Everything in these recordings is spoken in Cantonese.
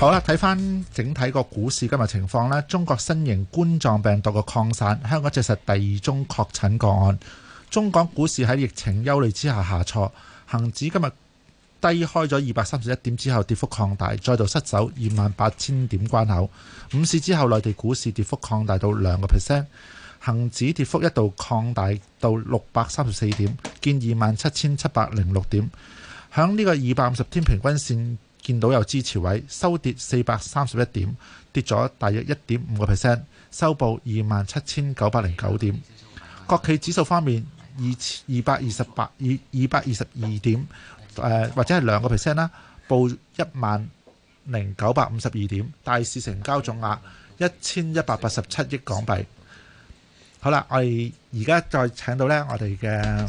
好啦，睇翻整體個股市今日情況啦。中國新型冠狀病毒嘅擴散，香港證實第二宗確診個案。中港股市喺疫情憂慮之下下挫，恒指今日低開咗二百三十一點之後，跌幅擴大，再度失守二萬八千點關口。午市之後，內地股市跌幅擴大到兩個 percent，恒指跌幅一度擴大到六百三十四點，見二萬七千七百零六點。喺呢個二百五十天平均線。見到有支持位，收跌四百三十一點，跌咗大約一點五個 percent，收報二萬七千九百零九點。國企指數方面，二二百二十八，二二百二十二點，誒、呃、或者係兩個 percent 啦，報一萬零九百五十二點。大市成交總額一千一百八十七億港幣。好啦，我哋而家再請到呢我哋嘅。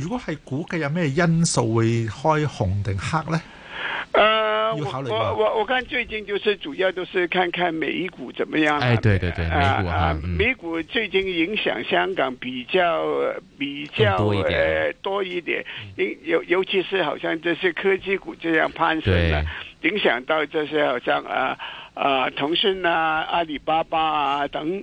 如果係估計有咩因素會開紅定黑呢？誒、呃，我我我我，看最近就是主要都是看看美股怎麼樣、啊。哎，對對對，美股啊，啊美股最近影響香港比較比較誒多一點，尤、呃、尤其是好像這些科技股這樣攀升啦、啊，對影響到這些好像啊啊騰訊啊、阿里巴巴、啊、等。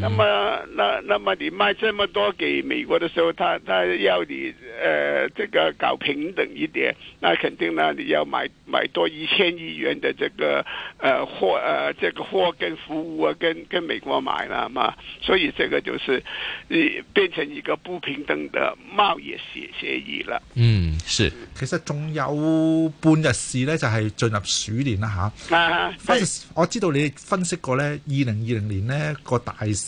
那麼，那那麼你賣這麼多給美國的時候，他他要你，誒、呃，這個搞平等一點，那肯定啦，你要買買多一千億元的這個，誒、呃這個、貨，誒、呃，這個貨跟服務啊，跟跟美國買啦嘛，所以這個就是，你變成一個不平等的貿易協協議啦。嗯，是。嗯、其實仲有半日事咧，就係、是、進入鼠年啦吓。啊。分，我知道你分析過咧，二零二零年咧個大市。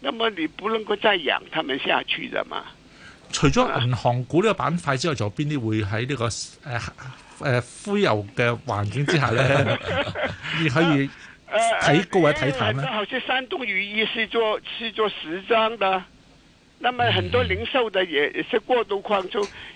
那麼你不能夠再養他們下去的嘛、啊？除咗銀行股呢個板塊之外，仲有邊啲會喺呢個誒誒，灰油嘅環境之下咧， 你可以誒睇高位睇淡，好似山東如意是做是做時裝的，那麼很多零售的也是過度擴充。啊嗯嗯嗯